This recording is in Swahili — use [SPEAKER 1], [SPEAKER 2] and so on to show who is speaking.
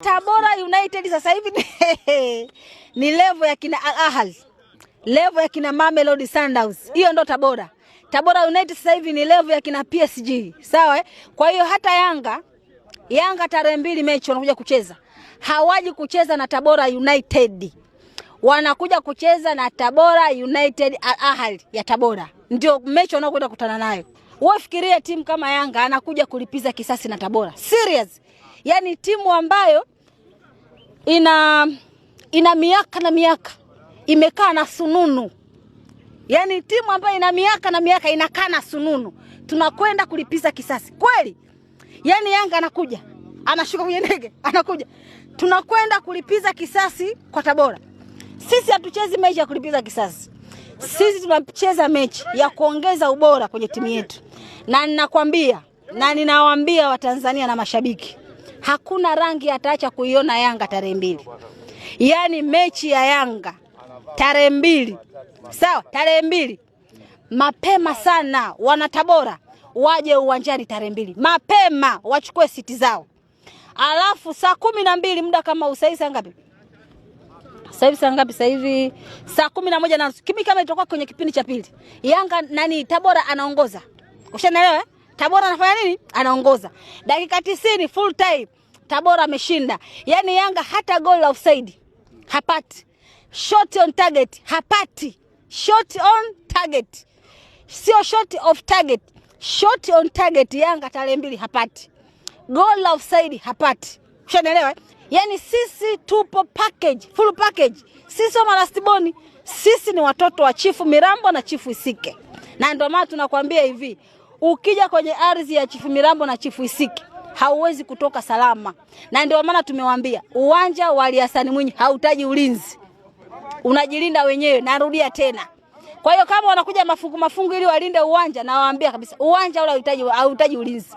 [SPEAKER 1] Tabora United sasa hivi ni, ni levo ya kina Ahal, Ahly, levo ya kina Mamelodi Sundowns, hiyo ndo Tabora. Tabora United sasa hivi ni levo ya kina PSG, sawa eh? Kwa hiyo hata Yanga Yanga tarehe mbili mechi wanakuja kucheza, hawaji kucheza na Tabora United, wanakuja kucheza na Tabora United Al Ahly ya Tabora, ndio mechi wanaokwenda kutana nayo. Wewe fikiria timu kama Yanga anakuja kulipiza kisasi na Tabora, serious, Yaani timu ambayo ina ina miaka na miaka imekaa na sununu, yaani timu ambayo ina miaka na miaka inakaa na sununu, tunakwenda kulipiza kisasi kweli. Yaani Yanga anakuja anashuka kwenye ndege anakuja, tunakwenda kulipiza kisasi kwa Tabora. Sisi hatuchezi mechi ya kulipiza kisasi, sisi tunacheza mechi ya kuongeza ubora kwenye timu yetu, na ninakwambia na ninawaambia Watanzania na mashabiki hakuna rangi ataacha kuiona Yanga tarehe mbili, yaani mechi ya Yanga tarehe mbili, sawa, tarehe mbili mapema sana, wana Tabora waje uwanjani tarehe mbili mapema, wachukue siti zao, alafu saa kumi na mbili muda kama usai, saa ngapi sasa hivi? Saa ngapi sasa hivi? Saa kumi na moja na nusu kimi kama itakuwa kwenye kipindi cha pili, Yanga nani Tabora anaongoza, ushanaelewa eh? Tabora anafanya nini? Anaongoza dakika tisini full time, Tabora ameshinda. Yaani Yanga hata goal la offside hapati, shot on target hapati, shot on target sio shot off target, shot on target. Yanga tarehe mbili hapati, goal la offside hapati. Ushanielewa? Yaani sisi tupo package, full package. Sisi wa marastiboni, sisi ni watoto wa Chifu Mirambo na Chifu Isike, na ndio maana tunakwambia hivi Ukija kwenye ardhi ya Chifu Mirambo na Chifu Isiki hauwezi kutoka salama, na ndio maana tumewaambia uwanja wa Ali Hassan Mwinyi hautaji ulinzi, unajilinda wenyewe. Narudia tena. Kwa hiyo kama wanakuja mafungu mafungu ili walinde uwanja, nawaambia kabisa uwanja ule hauhitaji ulinzi.